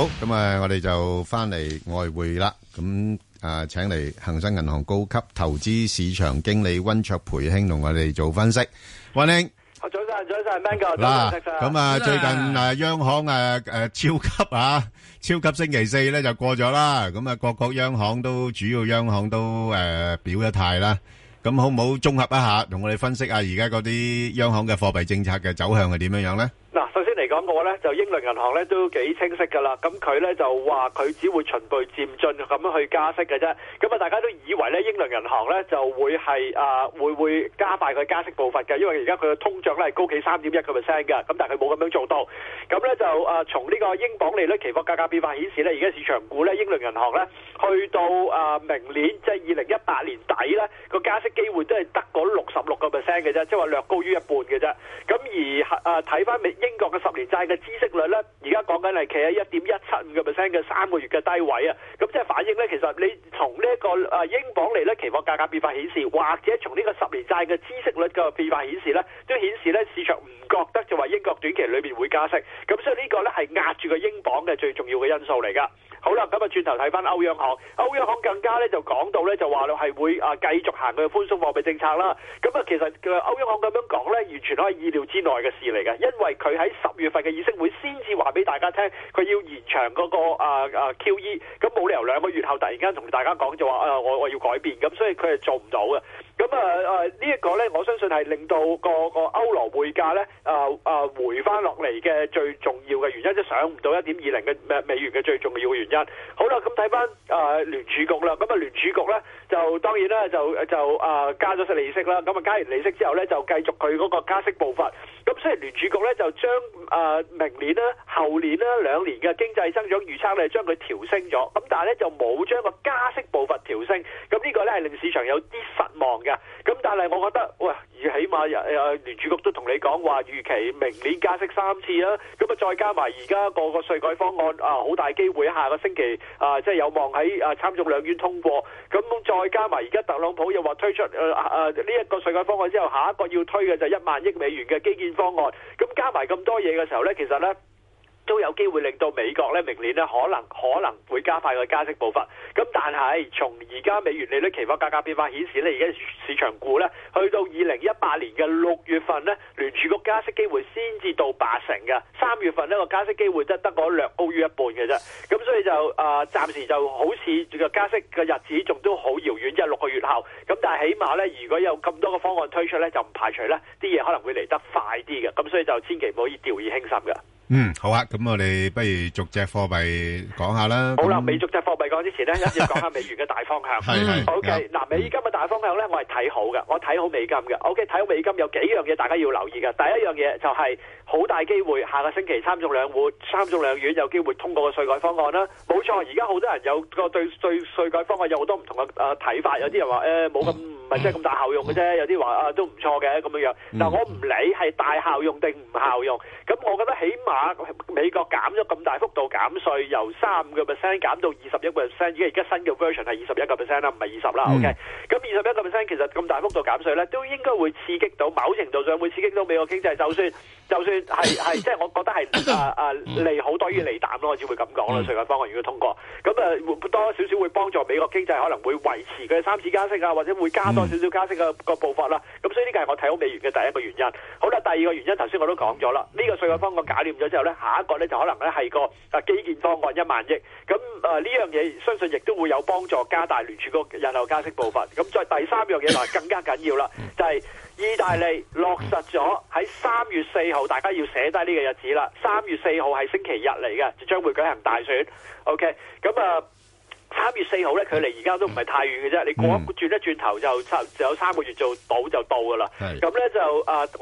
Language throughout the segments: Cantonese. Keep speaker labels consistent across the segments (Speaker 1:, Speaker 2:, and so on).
Speaker 1: 好，咁啊，我哋就翻嚟外匯啦。咁啊，請嚟恒生銀行高級投資市場經理溫灼培兄同我哋做分析。溫兄，早
Speaker 2: 晨，早晨，Mango？嗱，咁啊，最近啊，
Speaker 1: 央行誒誒，超級啊，超級星期四咧就過咗啦。咁啊，各國央行都主要央行都誒表一態啦。咁好唔好綜合一下，同我哋分析下而家嗰啲央行嘅貨幣政策嘅走向係點樣樣咧？
Speaker 3: 嗱，首先。嚟講嘅話咧，就英倫銀行咧都幾清晰㗎啦。咁佢咧就話佢只會循序漸進咁樣去加息嘅啫。咁啊，大家都以為咧英倫銀行咧就會係啊會會加快佢加息步伐嘅，因為而家佢嘅通脹咧係高企三點一個 percent 嘅。咁但係佢冇咁樣做到。咁咧就啊，從呢個英鎊利率期貨價格變化顯示咧，而家市場估咧英倫銀行咧去到啊明年即係二零一八年底咧個加息機會都係得嗰六十六個 percent 嘅啫，即係話略高於一半嘅啫。咁而啊睇翻美英國嘅十年債嘅孳息率咧，而家講緊係企喺一點一七五個 percent 嘅三個月嘅低位啊！咁即係反映咧，其實你從呢一個啊英鎊嚟咧，期貨價格變化顯示，或者從呢個十年債嘅孳息率嘅變化顯示咧，都顯示咧市場唔覺得就話英國短期裏面會加息。咁所以個呢個咧係壓住個英鎊嘅最重要嘅因素嚟噶。好啦，咁啊轉頭睇翻歐央行，歐央行更加咧就講到咧就話咧係會啊繼續行佢寬鬆貨幣政策啦。咁啊其實嘅歐央行咁樣講咧，完全可以意料之內嘅事嚟嘅，因為佢喺十月份嘅議息會先至話俾大家聽，佢要延長嗰個啊啊 QE，咁冇理由兩個月後突然間同大家講就話啊我我要改變，咁所以佢係做唔到嘅。咁啊、這個、呢一個咧，我相信係令到個個歐羅匯價咧啊，啊回翻落嚟嘅最重要嘅原因，即、係、上唔到一點二零嘅美元嘅最重要嘅原因。好啦，咁睇翻啊聯儲局啦，咁啊聯儲局咧就當然啦，就就啊加咗息利息啦。咁啊加完利息之後咧，就繼續佢嗰個加息步伐。咁雖然聯儲局咧就將啊明年啦後年啦兩年嘅經濟增長預測咧，將佢調升咗。咁但係咧就冇將個加息步伐調升。咁呢個咧係令市場有啲失望嘅。咁但係我覺得喂，而起碼啊聯儲局都同你講話預期明年加息三次啦，啊。咁啊再加埋而家個個稅改方案啊好大機會下個星期啊即係、就是、有望喺啊參眾兩院通過，咁再加埋而家特朗普又話推出誒誒呢一個稅改方案之後，下一個要推嘅就一萬億美元嘅基建方案，咁加埋咁多嘢嘅時候咧，其實咧。都有機會令到美國咧明年呢可能可能會加快個加息步伐。咁但係從而家美元利率期貨價格變化顯示咧，而家市場估咧去到二零一八年嘅六月份咧，聯儲局加息機會先至到八成嘅。三月份呢個加息機會真係得個略高於一半嘅啫。咁所以就誒、呃、暫時就好似個加息嘅日子仲都好遙遠，即係六個月後。咁但係起碼咧，如果有咁多個方案推出咧，就唔排除咧啲嘢可能會嚟得快啲嘅。咁所以就千祈唔可以掉以輕心嘅。
Speaker 1: 嗯，好啊，咁我哋不如逐隻貨幣講下啦。好啦，未
Speaker 3: 逐隻貨幣講之前咧，要講下美元嘅大方向。係係。 OK，嗱，美金嘅大方向咧，我係睇好嘅，我睇好美金嘅。OK，睇好美金有幾樣嘢大家要留意嘅，第一樣嘢就係、是。好大機會，下個星期參眾兩會，參眾兩院有機會通過個稅改方案啦。冇錯，而家好多人有個對稅稅改方案有好多唔同嘅誒睇法，有啲人話誒冇咁唔係真係咁大效用嘅啫，有啲話啊都唔錯嘅咁樣樣。但，我唔理係大效用定唔效用，咁我覺得起碼美國減咗咁大幅度減稅，由三五個 percent 減到二十一個 percent，而家而家新嘅 version 係二十一個 percent 啦，唔係二十啦。嗯、OK，咁二十一個 percent 其實咁大幅度減稅咧，都應該會刺激到某程度上會刺激到美國經濟就算……就算係係，即係、 就是、我覺得係啊啊利好多於利淡咯，我只會咁講啦。稅改方案如果通過，咁啊多少少會幫助美國經濟，可能會維持佢三次加息啊，或者會加多少少加息嘅個步伐啦。咁所以呢個係我睇好美元嘅第一個原因。好啦，第二個原因頭先我都講咗啦，呢、這個稅改方案搞掂咗之後咧，下一個咧就可能咧係個基建方案一萬億。咁啊呢樣嘢相信亦都會有幫助，加大聯儲個人口加息步伐。咁再第三樣嘢就更加緊要啦，就係、是。意大利落實咗喺三月四號，大家要寫低呢個日子啦。三月四號係星期日嚟嘅，就將會舉行大選。OK，咁啊，三月四號咧，距離而家都唔係太遠嘅啫。你過轉一轉頭就、嗯、就，就有三個月做到就到噶啦。咁咧是就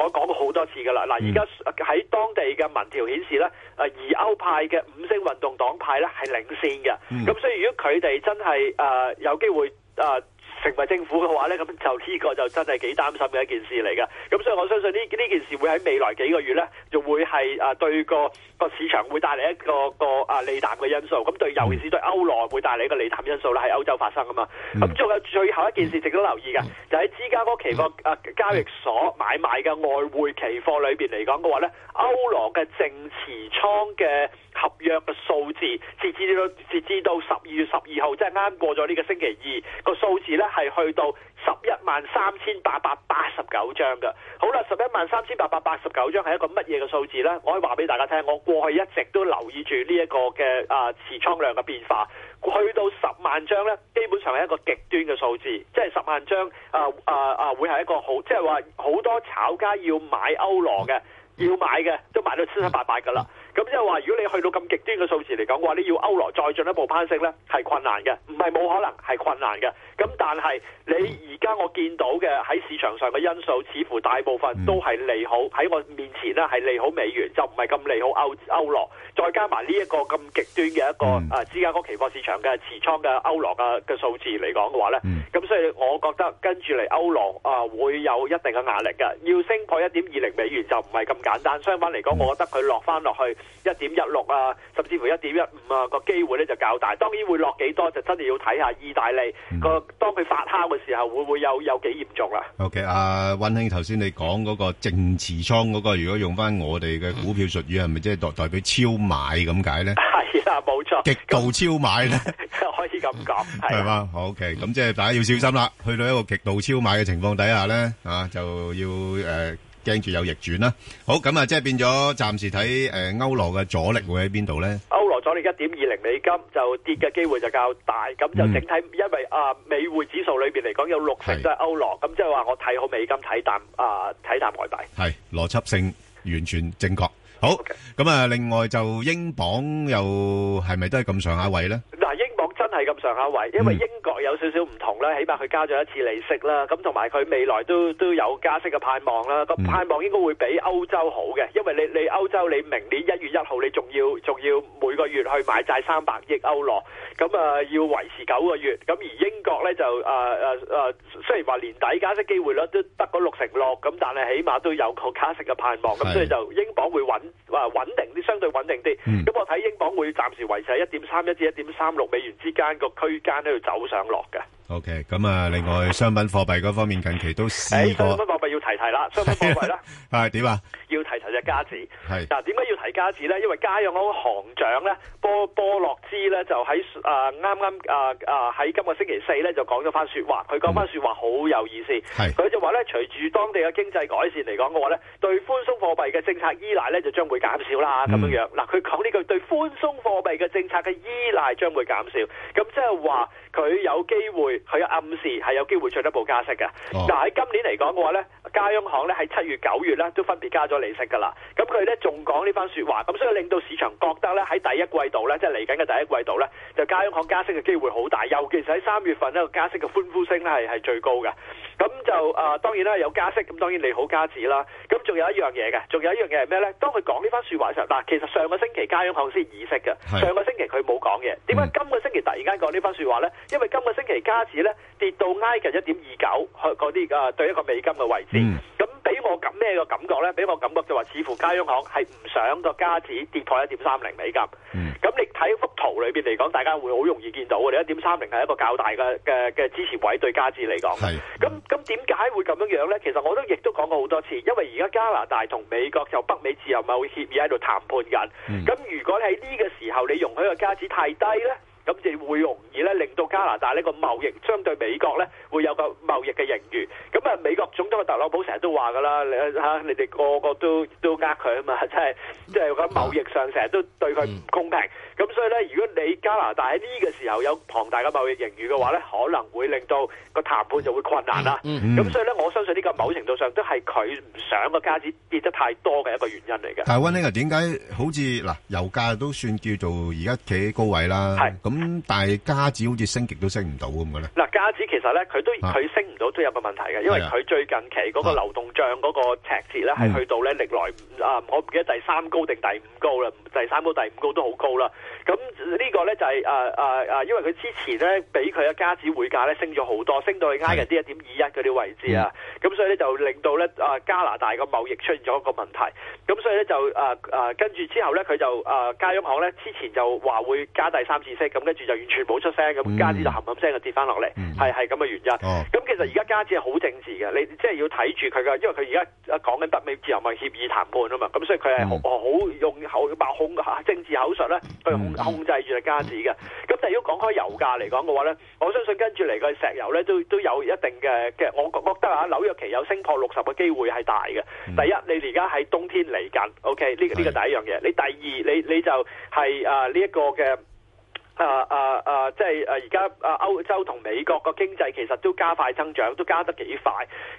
Speaker 3: 我講過好多次噶啦。嗱，而家喺當地嘅民調顯示咧，嗯、而意歐派嘅五星運動黨派咧係領先嘅。咁、嗯、所以如果佢哋真係啊、呃、有機會啊。呃成為政府嘅話咧，咁就呢個就真係幾擔心嘅一件事嚟噶。咁所以我相信呢呢件事會喺未來幾個月咧，就會係啊對個個市場會帶嚟一個個啊利淡嘅因素。咁對尤其是對歐羅會帶嚟一個利淡因素啦，喺歐洲發生吖嘛。咁仲、嗯、有最後一件事值得留意嘅，嗯、就喺芝、嗯啊、加哥期貨啊交易所買賣嘅外匯期貨裏邊嚟講嘅話咧，歐羅嘅淨持倉嘅。合約嘅數字，直至到直至到十二月十二號，即係啱過咗呢個星期二，個數字呢係去到十一萬三千八百八十九張嘅。好啦，十一萬三千八百八十九張係一個乜嘢嘅數字呢？我可以話俾大家聽，我過去一直都留意住呢一個嘅啊持倉量嘅變化，去到十萬張呢，基本上係一個極端嘅數字，即係十萬張啊啊啊會係一個好，即係話好多炒家要買歐羅嘅，要買嘅都買到七七八八㗎啦。咁即係話，如果你去到咁極端嘅數字嚟講嘅話，你要歐羅再進一步攀升呢，係困難嘅，唔係冇可能，係困難嘅。咁但係你而家我見到嘅喺市場上嘅因素，似乎大部分都係利好喺、嗯、我面前呢，係利好美元，就唔係咁利好歐羅。再加埋呢一個咁極端嘅一個啊，芝加哥期貨市場嘅持倉嘅歐羅嘅數字嚟講嘅話呢，咁、嗯、所以我覺得跟住嚟歐羅啊會有一定嘅壓力嘅，要升破一點二零美元就唔係咁簡單。相反嚟講，嗯、我覺得佢落返落去。一點一六啊，甚至乎一點一五啊，個機會咧就較大。當然會落幾多，就真係要睇下意大利、嗯、個當佢發酵嘅時候，會唔會有有幾嚴重啦
Speaker 1: ？OK，阿、啊、温兄頭先你講嗰個淨持倉嗰、嗰個，如果用翻我哋嘅股票術語，係咪即係代代表超買咁解咧？係啦、啊，冇錯，極度超買咧，可以咁講係嘛？OK，咁即係大家要小心啦。去到一個極度超買嘅情況底下咧，啊就要誒。呃驚住有逆轉啦，好咁，啊，即係變咗暫時睇誒歐羅嘅阻力會喺邊度咧？
Speaker 3: 歐羅阻力一點二零美金就跌嘅機會就較大，咁就整體，因為啊美匯指數裏邊嚟講有六成都係歐羅，咁即係話我睇好美金，睇淡啊睇淡外幣，
Speaker 1: 係邏輯性完全正確。好，咁啊另外就英鎊又係咪都係咁上下位咧？
Speaker 3: 嗱英。係咁上下位，因為英國有少少唔同啦，起碼佢加咗一次利息啦，咁同埋佢未來都都有加息嘅盼望啦。個盼望應該會比歐洲好嘅，因為你你歐洲你明年一月一號你仲要仲要每個月去買債三百億歐羅，咁啊要維持九個月。咁而英國咧就誒誒誒，雖然話年底加息機會率都得嗰六成六，咁但係起碼都有個加息嘅盼望。咁所以就英鎊會穩，話穩定啲，相對穩定啲。咁我睇英鎊會暫時維持喺一點三一至一點三六美元之間。間個區間都要走上落嘅。
Speaker 1: O.K. 咁啊，另外商品貨幣嗰方面近期都試過。商品
Speaker 3: 貨幣要提提啦，商品
Speaker 1: 貨幣啦，係點 啊？啊
Speaker 3: 要提提就加字。係嗱是，點解、啊、要提加字咧？因為加央嗰個行長咧，波波洛茲咧，就喺啊啱啱啊啊喺今個星期四咧就講咗番説話。佢講番説話好有意思。係佢、嗯、就話咧，隨住當地嘅經濟改善嚟講嘅話咧，對寬鬆貨幣嘅政策依賴咧就將會減少啦咁樣樣。嗱、嗯，佢、啊、講呢句對寬鬆貨幣嘅政策嘅依賴將會減少，咁即係話佢有機會。佢有暗示係有機會進一步加息嘅。嗱喺、oh. 今年嚟講嘅話咧，加央行咧喺七月、九月咧都分別加咗利息嘅啦。咁佢咧仲講呢番説話，咁所以令到市場覺得咧喺第一季度咧，即係嚟緊嘅第一季度咧，就加央行加息嘅機會好大。尤其係喺三月份呢咧，加息嘅歡呼聲咧係係最高嘅。咁就誒、呃，當然啦，有加息，咁當然你好加紙啦。咁仲有一樣嘢嘅，仲有一樣嘢係咩呢？當佢講呢番說話嘅時候，嗱，其實上個星期加央行先議息嘅，的上個星期佢冇講嘢。點解、嗯、今個星期突然間講呢番說話呢？因為今個星期加紙呢跌到挨近一點二九，去嗰啲啊對一個美金嘅位
Speaker 2: 置。咁
Speaker 3: 俾、嗯、我咁咩嘅感覺呢？俾我感覺就話，似乎加央行係唔想個加紙跌破一點三零美金。咁、嗯、你睇幅圖裏邊嚟講，大家會好容易見到，你一點三零係一個較大嘅嘅嘅支持位對加資嚟講。係咁咁點解會咁樣樣呢？其實我都亦都講過好多次，因為而家加拿大同美國就北美自由貿易協議喺度談判緊。咁、嗯、如果你喺呢個時候你容許個加資太低呢？咁就會容易咧，令到加拿大呢個貿易相對美國咧，會有個貿易嘅盈餘。咁啊，美國總統嘅特朗普成日都話噶啦，你嚇你哋個個都都呃佢啊嘛，即係即係喺貿易上成日都對佢唔公平。啊嗯咁所以咧，如果你加拿大喺呢個時候有龐大嘅貿易盈餘嘅話咧，可能會令到個談判就會困難啦。咁、嗯嗯、所以咧，嗯、我相信呢個某程度上都係佢唔想個加子跌得太多嘅一個原因嚟嘅。
Speaker 1: 但係温尼亞點解好似嗱油價都算，算叫做而家企喺高位是啦？咁但係加子好似升極都升唔到咁嘅咧？
Speaker 2: 嗱，加子其實咧，佢都佢、啊、升唔
Speaker 3: 到都有個問題嘅，因為佢最近期嗰個流動帳嗰個赤字咧，係、啊、去到咧歷、嗯、來啊，我唔記得第三高定第五高啦，第三高第五高都好高啦。咁呢個咧就係誒誒誒，因為佢之前咧比佢嘅加紙匯價咧升咗好多，升到去挨近啲一點二一嗰啲位置啊。咁 Yeah. 所以咧就令到咧誒加拿大嘅貿易出現咗一個問題。咁所以咧就誒誒跟住之後咧，佢就誒、呃、加央行咧之前就話會加第三次息，咁跟住就完全冇出聲，咁加紙就冚冚聲就跌翻落嚟，係係咁嘅原因。咁、oh. 其實而家加紙係好政治嘅，你即係要睇住佢嘅，因為佢而家講緊北美自由貿易協議談判啊嘛，咁所以佢係好用口把控政治口述咧。控制住加息嘅，咁但係如果講開油價嚟講嘅話咧，我相信跟住嚟嘅石油咧都都有一定嘅嘅，我覺覺得啊，紐約期油升破六十嘅機會係大嘅。第一，你而家喺冬天嚟緊，OK 呢呢個第一樣嘢。的你第二，你你就係啊呢一個嘅啊啊啊，即係誒而家啊歐洲同美國個經濟其實都加快增長，都加得幾快。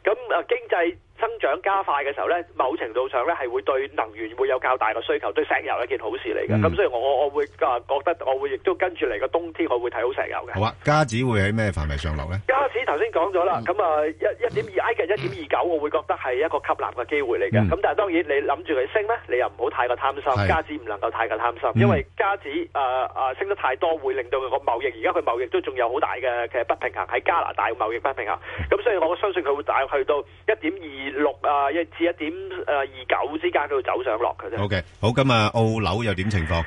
Speaker 3: 咁啊經濟。增長加快嘅時候咧，某程度上咧係會對能源會有較大嘅需求，對石油係一件好事嚟嘅。咁、嗯、所以，我我我會啊覺得我會亦都跟住嚟個冬天，我會睇好石油
Speaker 1: 嘅。好啊，加指會喺咩範圍上落咧？
Speaker 3: 加指頭先講咗啦，咁啊一一點二，挨緊一點二九，我會覺得係、啊、一個吸納嘅機會嚟嘅。咁、嗯、但係當然你諗住佢升咧，你又唔好太過貪心，加指唔能夠太過貪心，嗯、因為加指啊啊升得太多會令到佢個貿易，而家佢貿易都仲有好大嘅其實不平衡喺加拿大貿易不平衡。咁所以我相信佢會大約去到一點二。六啊，一至一點誒二九之間佢會走上落嘅啫。
Speaker 1: ok，好，咁啊，澳紐又點情況？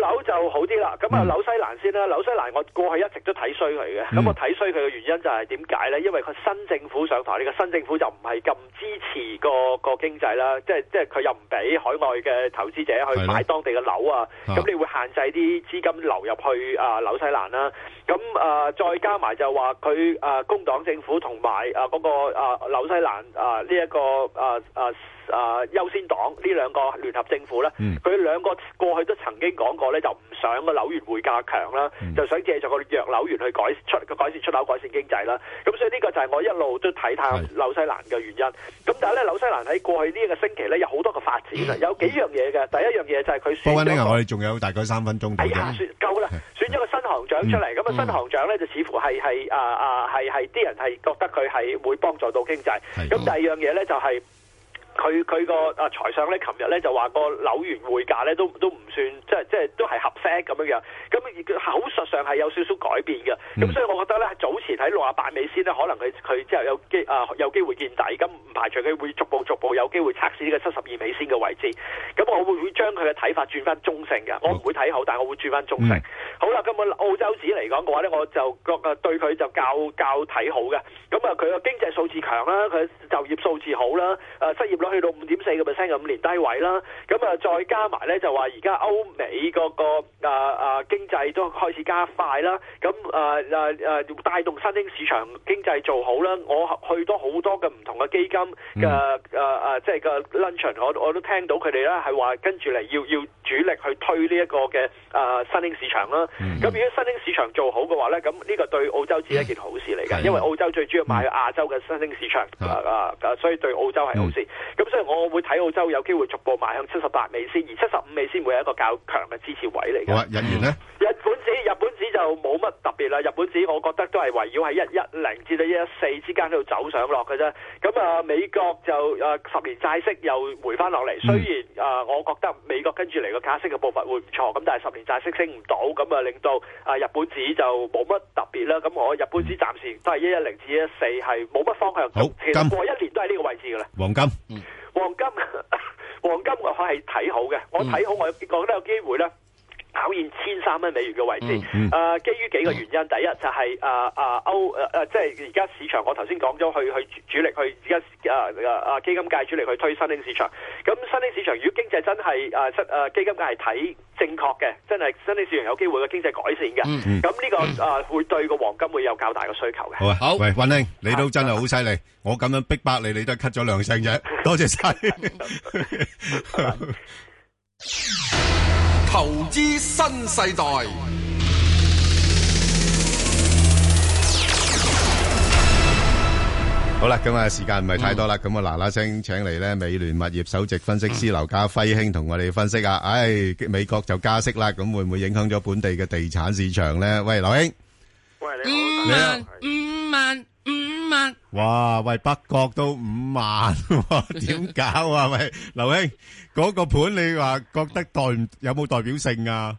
Speaker 3: 樓就好啲啦，咁啊、嗯、紐西蘭先啦，紐西蘭我過去一直都睇衰佢嘅，咁、嗯、我睇衰佢嘅原因就係點解呢？因為佢新政府上台，呢個新政府就唔係咁支持個個經濟啦，即係即係佢又唔俾海外嘅投資者去買當地嘅樓啊，咁的你會限制啲資金流入去啊紐西蘭啦，咁啊再加埋就話佢啊工黨政府同埋啊嗰、嗰個啊紐西蘭啊呢一、呢個啊啊啊優先黨呢兩個聯合政府咧，佢、嗯、兩個過去都曾經講過。咧就唔想個紐元會加強啦，就想借助個弱紐元去改出改善出口、改善經濟啦。咁所以呢個就係我一路都睇淡紐西蘭嘅原因。咁是但係咧，紐西蘭喺過去呢一個星期咧有好多個發展，嗯、有幾樣嘢嘅。第一樣嘢就係佢選咗個，不過呢
Speaker 1: 個我哋仲有大概三分鐘。係啊、哎，
Speaker 3: 選夠啦，選咗個新行長出嚟。咁啊、嗯，嗯、個新行長咧就似乎係係啲人係覺得佢係會幫助到經濟。咁、嗯、第二樣嘢咧就係、是。佢佢個啊財相咧，琴日咧就話個紐元匯價咧都都唔算即係即係都係合適咁樣樣，咁口述上係有少少改變嘅。咁所以我覺得咧，早前喺六啊八美仙咧，可能佢佢之後有機啊有機會見底，咁唔排除佢會逐步逐步有機會測試呢個七十二美仙嘅位置。咁我會會將佢嘅睇法轉翻中性嘅，我唔會睇好，但係我會轉翻中性。嗯、好啦，咁啊澳洲紙嚟講嘅話咧，我就覺啊對佢就較較睇好嘅。咁啊佢個經濟數字強啦，佢就業數字好啦，啊失業。去到五點四個 percent 嘅五年低位啦，咁啊再加埋咧就話而家歐美嗰個啊啊經濟都開始加快啦，咁啊啊要帶動新興市場經濟做好啦。我去到好多嘅唔同嘅基金嘅、嗯、啊啊即係個 luncheon 我我都聽到佢哋咧係話跟住嚟要要主力去推呢一個嘅啊新興市場啦。咁、嗯、如果新興市場做好嘅話咧，咁呢個對澳洲只係一件好事嚟㗎，的因為澳洲最主要買亞洲嘅新興市場的啊所以對澳洲係好事。嗯咁所以我會睇澳洲有機會逐步邁向七十八美仙，而七十五美仙會有一個較強嘅支持位嚟嘅。哦、引日元呢？
Speaker 2: 日本紙
Speaker 3: 日本紙就冇乜特別啦。日本紙我覺得都係圍繞喺一一零至到一一四之間喺度走上落嘅啫。咁啊，美國就啊十年債息又回翻落嚟。雖然啊、嗯呃，我覺得美國跟住嚟個加息嘅步伐會唔錯，咁但係十年債息升唔到，咁啊令到啊日本紙就冇乜特別啦。咁我日本紙暫時都係一一零至一一四係冇乜方向。好就金，其實過一年都係呢個位置噶啦。黃金。嗯黃金，黃金我係睇好嘅，我睇好我講得有機會啦。考驗千三蚊美元嘅位置，誒、嗯嗯啊，基於幾個原因，嗯、第一就係誒誒歐誒誒，即係而家市場，我頭先講咗，去去主力去而家誒誒基金界主力去推新興市場。咁新興市場如果經濟真係誒新誒基金界係睇正確嘅，真係新興市場有機會嘅經濟改善
Speaker 1: 嘅。咁
Speaker 3: 呢、嗯嗯這個誒、嗯啊、會對個黃金會有較大嘅需求嘅、啊。好，喂，温
Speaker 1: 兄，你都真係好犀利，啊、我咁樣逼迫你，你都咳咗兩聲啫。多、啊、謝晒。啊
Speaker 3: 投資新世代。
Speaker 1: 好啦，今日，時間唔係太多啦，咁我嗱嗱聲請嚟咧美聯物業首席分析師劉嘉輝兄同我哋分析啊！唉，美國就加息啦，咁會唔會影響咗本地嘅地產市場咧？喂，劉兄，
Speaker 4: 喂你好，五萬五萬。
Speaker 1: 哇，喂北角都五萬，點搞啊？喂，劉兄，嗰個盤你話覺得代有冇代表性啊？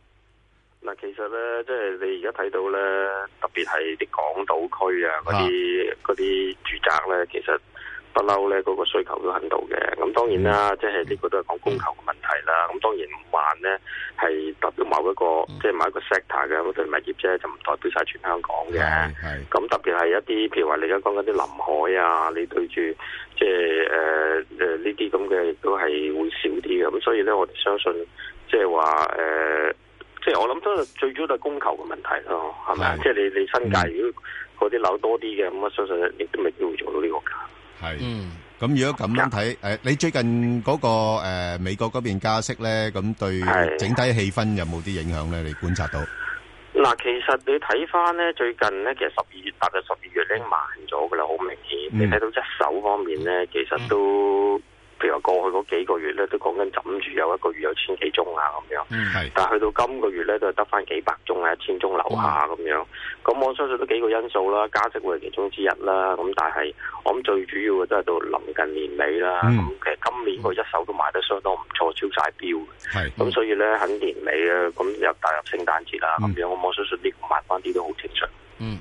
Speaker 2: 嗱，其實咧，即係
Speaker 5: 你而家睇到咧，特別係啲港島區啊，嗰啲嗰啲住宅咧，其實。不嬲咧，嗰個需求都喺度嘅。咁當然啦，即係呢個都係講供求嘅問題啦。咁、嗯、當然慢咧，係代表某一個即係、就是、某一個 sector 嘅嗰段物業啫，就唔代表晒全香港嘅。咁、嗯、特別係一啲，譬如話你而家講緊啲臨海啊，你對住即係誒呢啲咁嘅，亦、就是呃呃、都係會少啲嘅。咁所以咧，我哋相信即係話誒，即、就、係、是呃就是、我諗都係最主要係供求嘅問題咯，係咪啊？即係是你你新界、嗯、如果嗰啲樓多啲嘅，咁我相信亦都未必會做到呢、這個價
Speaker 1: 係，咁如果咁樣睇，誒，你最近嗰個誒美國嗰邊加息咧，咁對整體氣氛有冇啲影響咧？你觀察到？
Speaker 5: 嗱，其實你睇翻咧，最近咧，其實十二月大概十二月已經慢咗噶啦，好明顯，你睇到一手方面咧，其實都。譬如話過去嗰幾個月咧，都講緊枕住有一個月有千幾宗啊咁樣，嗯、但係去到今個月咧，就得翻幾百宗啊，一千宗樓下咁哇樣。咁我相信都幾個因素啦，加息會係其中之一啦。咁但係我諗最主要嘅都係到臨近年尾啦。咁、嗯、其實今年我一手都賣得相當唔錯，超晒標係咁是所以咧喺年尾咧，咁又踏入聖誕節啦，咁樣我我相信呢個賣翻啲都
Speaker 4: 好正常。嗯。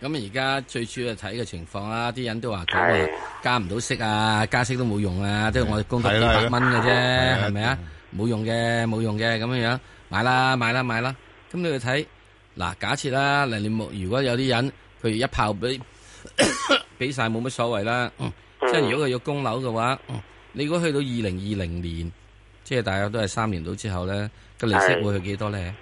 Speaker 4: 咁而家最主要睇嘅情況啦，啲人都話講話加唔到息啊，加息都冇用啊，即係我哋供得幾百蚊嘅啫，係咪啊？冇用嘅，冇用嘅，咁樣樣買啦，買啦，買啦。咁你去睇嗱，假設啦，嗱你冇，如果有啲人佢一炮俾俾晒冇乜所謂啦，即係如果佢要供樓嘅話，你如果去到二零二零年，即係大約都係三年到之後咧，個利息會去幾多咧？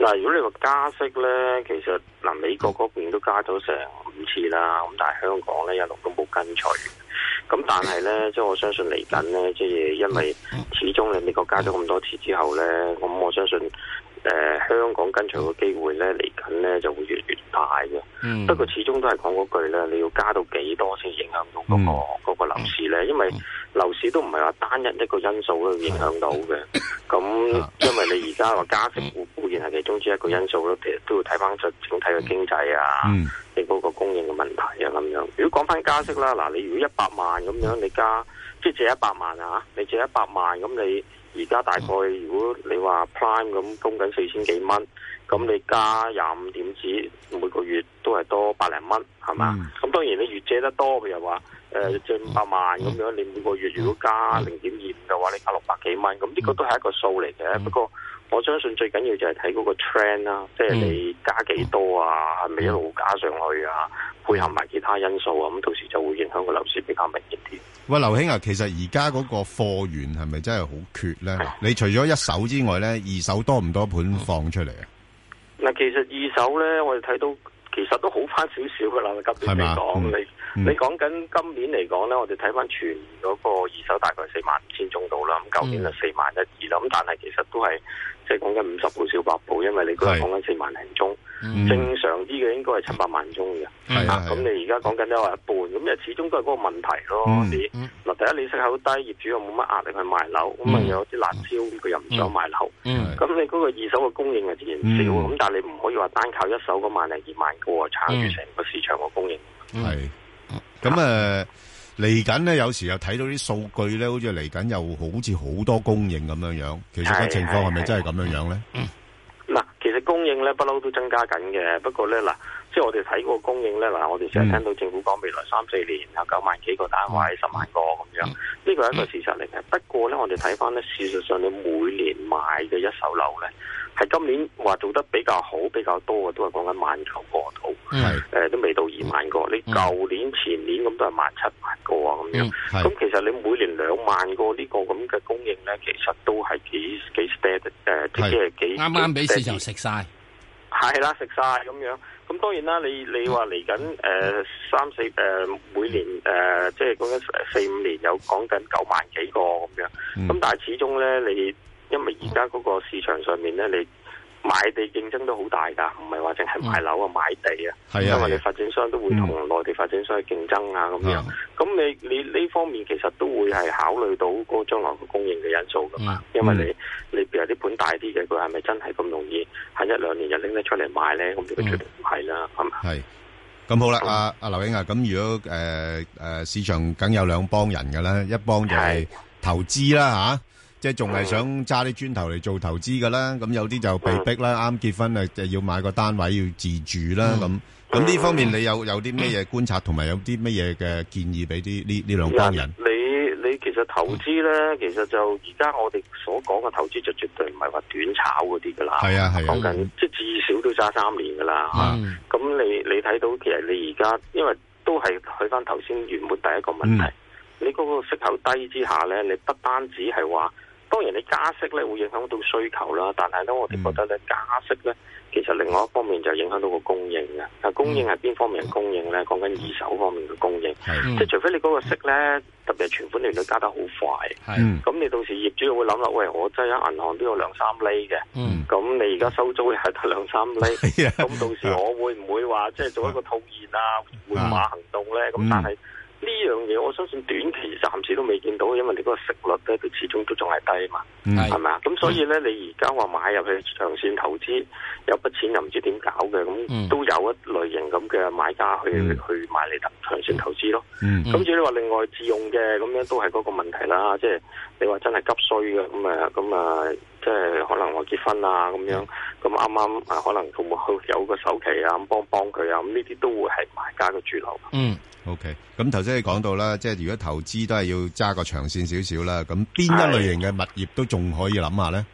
Speaker 5: 嗱，如果你個加息咧，其實嗱，美國嗰邊都加咗成五次啦，咁但係香港咧一路都冇跟隨。咁但係咧，即係我相信嚟緊咧，即係因為始終你美國加咗咁多次之後咧，咁我相信。誒、呃，香港跟隨個機會咧嚟緊咧就會越來越大嘅。不過、嗯、始終都係講嗰句咧，你要加到幾多先影響到嗰個嗰、嗯、個樓市咧？因為樓市都唔係話單一一個因素咧影響到嘅。咁因為你而家話加息固固然係其中之一個因素咯，其實都要睇翻就整體嘅經濟啊，你嗰、嗯、個供應嘅問題啊咁樣。如果講翻加息啦，嗱，你如果一百萬咁樣，你加即係借一百萬啊，你借一百萬咁你。而家大概如果你話 prime 咁供緊四千幾蚊，咁你加廿五點子，每個月都係多百零蚊，係嘛？咁、嗯、當然你越借得多，譬如話，誒借五百萬咁、嗯、樣，你每個月如果加零點二五嘅話，你加六百幾蚊，咁呢個都係一個數嚟嘅。嗯、不過我相信最緊要就係睇嗰個 trend 啦，即係你加幾多啊，係咪、嗯嗯、一路加上去啊？配合埋其他因素啊，咁到時就會影響個樓市比較明顯啲。
Speaker 1: 喂，劉兄啊，其實而家嗰個貨源係咪真係好缺咧？的你除咗一手之外咧，二手多唔多盤放出嚟啊？
Speaker 5: 嗱、嗯，其實二手咧，我哋睇到其實都好翻少少噶啦。今年嚟講，嗎你、嗯、你講緊今年嚟講咧，我哋睇翻全嗰個二手大概四萬五千宗度啦。咁舊年就四萬一二啦。咁但係其實都係。嗯即係講緊五十步笑百步，因為你嗰日講緊四萬零宗，正常啲嘅應該係七八萬宗嘅。係咁你而家講緊都係一半，咁就始終都係嗰個問題咯。嗱，第一你息口低，業主又冇乜壓力去賣樓，咁啊有啲辣招，佢又唔想賣樓。咁你嗰個二手嘅供應係自然少，咁但係你唔可以話單靠一手嗰萬零二萬個撐住成個市場嘅供應。係，
Speaker 1: 咁誒。嚟緊咧，有時又睇到啲數據咧，好似嚟緊又好似好多供應咁樣樣。其實個情況係咪真係咁樣樣咧？
Speaker 5: 嗱，嗯、其實供應咧不嬲都增加緊嘅。不過咧嗱，即係我哋睇過供應咧嗱，我哋成日聽到政府講未來三四年有九萬幾個單位、十萬個咁樣，呢個係一個事實嚟嘅。嗯、不過咧，我哋睇翻咧，事實上你每年買嘅一手樓咧。係今年話做得比較好，比較多嘅都係講緊萬九個度，誒都未到二萬個。嗯、你舊年、前年咁都係萬七萬個啊，咁樣。咁、嗯、其實你每年兩萬個呢個咁嘅供應咧，其實都係幾幾誒，即係幾啱啱俾市場
Speaker 4: 食晒，
Speaker 5: 係啦食晒咁樣。咁當然啦，你你話嚟緊誒三四誒每年誒、嗯呃、即係講緊四五年有講緊九萬幾個咁樣，咁、嗯、但係始終咧你。因為而家嗰個市場上面咧，你買地競爭都好大噶，唔係話淨係買樓啊，買地啊，係啊，因為你發展商都會同內地發展商去競爭啊，咁樣，咁你你呢方面其實都會係考慮到嗰將來個供應嘅因素噶嘛，因為你你譬如啲盤大啲嘅，佢係咪真係咁容易喺一兩年就
Speaker 1: 拎得出嚟賣咧？咁呢都絕對唔係啦，係係，咁好啦，阿阿劉英啊，咁如果誒誒市場梗有兩幫人噶啦，一幫就係投資啦吓。即係仲係想揸啲磚頭嚟做投資噶啦，咁有啲就被逼啦，啱、嗯、結婚啊，就要買個單位要自住啦，咁咁呢方面你有有啲咩嘢觀察，同埋、嗯、有啲咩嘢嘅建議俾啲呢呢兩家人？
Speaker 5: 你你其實投資咧，嗯、其實就而家我哋所講嘅投資就絕對唔係話短炒嗰啲噶啦，係啊，係啊，講緊、啊、能那即係至少都揸三年噶啦，吓咁、嗯啊、你你睇到其實你而家因為都係去翻頭先原本第一個問題，嗯、你嗰個息口低之下咧，你不單止係話。當然你加息咧會影響到需求啦，但係咧我哋覺得咧加息咧其實另外一方面就影響到個供應嘅。啊供應係邊方面供應咧？講緊二手方面嘅供應，即係、嗯、除非你嗰個息咧，特別係存款利率加得好快，咁、嗯、你到時業主要會諗啦，喂，我擠喺銀行都有兩三厘嘅，咁、嗯、你而家收租又係得兩三厘，
Speaker 2: 咁、嗯、到時我會唔會話即係做一個套現啊換碼行動咧？咁、嗯、但係。呢樣嘢，我相信短期暫時都未見到，因為你嗰個息率咧，佢始終都
Speaker 5: 仲係低嘛，係咪啊？咁所以咧，嗯、你而家話買入去長線投資，有筆錢又唔知點搞嘅，咁都有一類型咁嘅買家去、嗯、去買嚟長長線投資咯。咁至於你話另外自用嘅，咁樣都係嗰個問題啦，即係。你話真係急需嘅，咁啊，咁啊，即係可能我結婚啊，咁樣，咁啱啱啊，可能佢會有個首期啊，咁幫幫佢啊，咁呢啲都會係買家嘅主流。
Speaker 1: 嗯，OK，咁頭先你講到啦，即係如果投資都係要揸個長線少少啦，咁邊一類型嘅物業都仲可以諗下咧？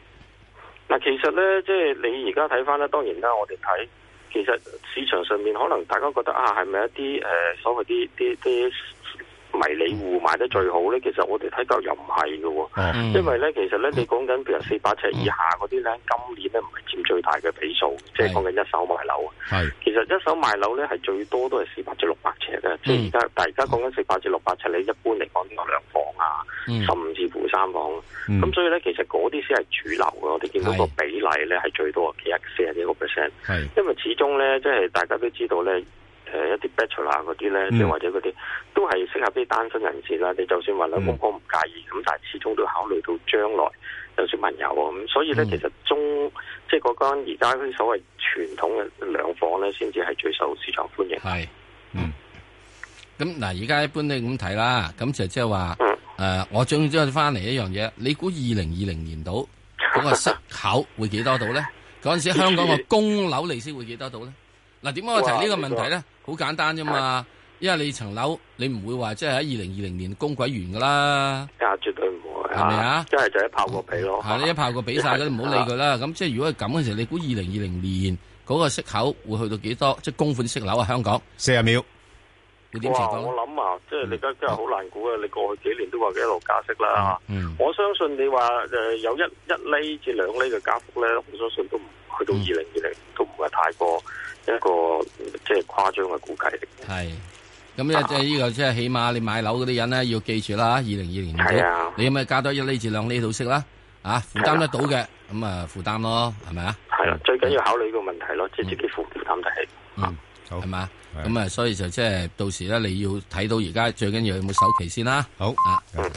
Speaker 5: 嗱的，其實咧，即係你而家睇翻咧，當然啦，我哋睇，其實市場上面可能大家覺得啊，係咪一啲誒、呃，所謂啲啲啲。迷你戶賣得最好咧，其實我哋睇到又唔係嘅，因為咧，其實咧，你講緊譬如四百尺以下嗰啲咧，今年咧唔係佔最大嘅比數，即係講緊一手賣樓啊。係，其實一手賣樓咧係最多都係四百至六百尺嘅，即係而家但而家講緊四百至六百尺咧，一般嚟講啲兩房啊，甚至乎三房，咁所以咧，其實嗰啲先係主流嘅。我哋見到個比例咧係最多係幾一四十幾個 percent，係，因為始終咧，即係大家都知道咧。誒、呃，一啲 Bachelor 嗰啲咧，即係、嗯、或者嗰啲都係適合啲單身人士啦。你就算話兩公婆唔介意咁，嗯、但係始終都考慮到將來就算有小朋友啊。咁所以咧，嗯、其實中即係嗰間而家啲所謂傳統嘅兩房咧，先至係最受市場歡迎。係，
Speaker 4: 嗯。咁嗱、嗯，而家一般你咁睇啦，咁就即係話誒，我將將翻嚟一樣嘢，你估二零二零年到嗰個息口會幾多度咧？嗰陣 時香港個供樓利息會幾多度咧？嗱、啊，點解我提呢個問題咧？好簡單啫嘛，因為你層樓你唔會話即係喺二零二零年供鬼完噶啦，啊，絕對唔會，係咪啊？即係
Speaker 5: 就一炮過俾咯，啊！一炮過俾晒你唔好理佢
Speaker 4: 啦。咁即係如果係咁嘅時候，你估二零二零年嗰個息口會去到幾多？即係供款息樓啊，香港四十秒。你點情況哇！我諗啊，即係你而家真係好
Speaker 5: 難估啊。你過去幾年都話佢一路加息啦。我相信你話誒，有一一厘至兩厘嘅加幅咧，我相信都唔去到二零二零都唔係太過。一個
Speaker 4: 即係誇張嘅估計嚟。係咁咧，即係呢、這個即係、啊、起碼你買樓嗰啲人咧要記住啦，二零二零年，啊、你咪加多一厘至兩厘度息啦，啊負擔得到嘅，咁啊負擔咯，係咪啊？係啦，最
Speaker 5: 緊
Speaker 4: 要考慮呢個問題咯，即係、嗯、自己負唔負擔得起，嗯，啊、好係嘛，咁啊，所以就即、是、係到時咧，你要睇到而家最緊要有冇首期先啦，好啊。